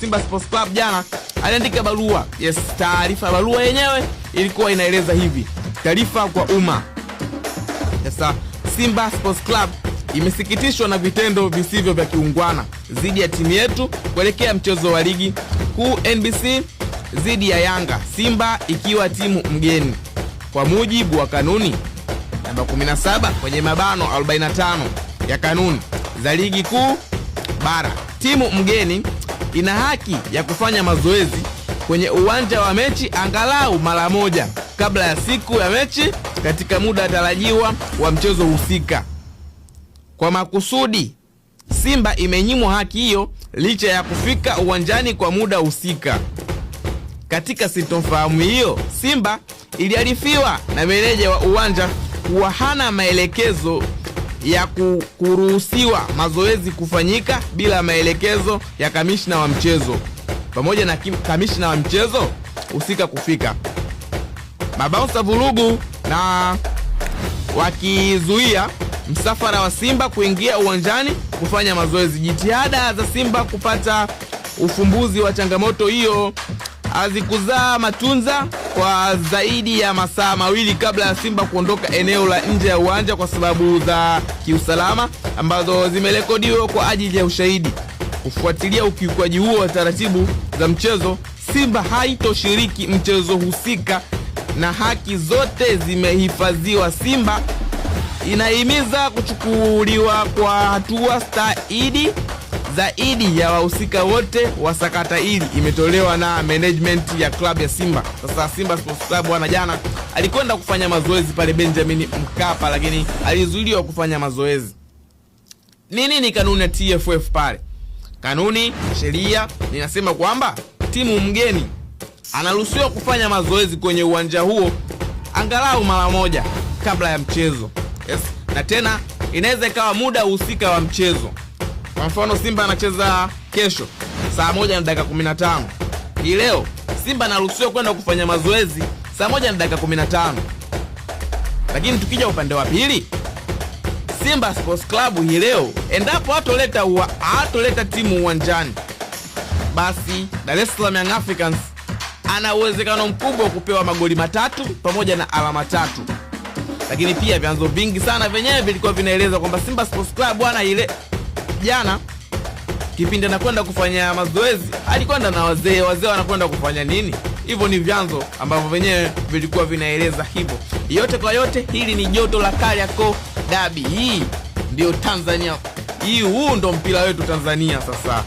Simba Sports Club jana aliandika barua. Yes, taarifa ya barua yenyewe ilikuwa inaeleza hivi: taarifa kwa umma. Sasa Simba Sports Club imesikitishwa na vitendo visivyo vya kiungwana dhidi ya timu yetu kuelekea mchezo wa ligi kuu NBC dhidi ya Yanga, Simba ikiwa timu mgeni kwa mujibu wa kanuni namba 17 kwenye mabano 45 ya kanuni za ligi kuu bara, timu mgeni ina haki ya kufanya mazoezi kwenye uwanja wa mechi angalau mara moja kabla ya siku ya mechi katika muda tarajiwa wa mchezo husika. Kwa makusudi, Simba imenyimwa haki hiyo licha ya kufika uwanjani kwa muda husika. Katika sintofahamu hiyo, Simba iliarifiwa na meneja wa uwanja kuwa hana maelekezo ya kuruhusiwa mazoezi kufanyika bila maelekezo ya kamishna wa mchezo pamoja na kamishna wa mchezo husika kufika. Mabaunsa vurugu na wakizuia msafara wa Simba kuingia uwanjani kufanya mazoezi. Jitihada za Simba kupata ufumbuzi wa changamoto hiyo hazikuzaa matunza kwa zaidi ya masaa mawili kabla ya Simba kuondoka eneo la nje ya uwanja kwa sababu za kiusalama ambazo zimerekodiwa kwa ajili ya ushahidi. Kufuatilia ukiukwaji huo wa taratibu za mchezo, Simba haitoshiriki mchezo husika na haki zote zimehifadhiwa. Simba inahimiza kuchukuliwa kwa hatua staidi zaidi ya wahusika wote wa sakata hili imetolewa na management ya klabu ya Simba. Sasa Simba Sports Club wana jana alikwenda kufanya mazoezi pale Benjamin Mkapa, lakini alizuiliwa kufanya mazoezi. Nini kanuni ya TFF pale? Kanuni sheria inasema kwamba timu mgeni anaruhusiwa kufanya mazoezi kwenye uwanja huo angalau mara moja kabla ya mchezo. Yes. Na tena inaweza ikawa muda husika wa mchezo. Kwa mfano Simba anacheza kesho saa moja na dakika 15. Hii leo Simba anaruhusiwa kwenda kufanya mazoezi saa moja na dakika 15, lakini tukija upande wa pili Simba Sports Club hii leo endapo hatoleta hatoleta timu uwanjani, basi Dar es Salaam Young Africans ana uwezekano mkubwa wa kupewa magoli matatu pamoja na alama tatu, lakini pia vyanzo vingi sana vyenyewe vilikuwa vinaeleza kwamba Simba Sports Club bwana ile jana kipindi anakwenda kufanya mazoezi alikwenda na wazee. Wazee wanakwenda kufanya nini? Hivyo ni vyanzo ambavyo vyenyewe vilikuwa vinaeleza hivyo. Yote kwa yote, hili ni joto la Kariakoo Dabi. Hii ndiyo Tanzania, hii huu ndo mpira wetu Tanzania sasa.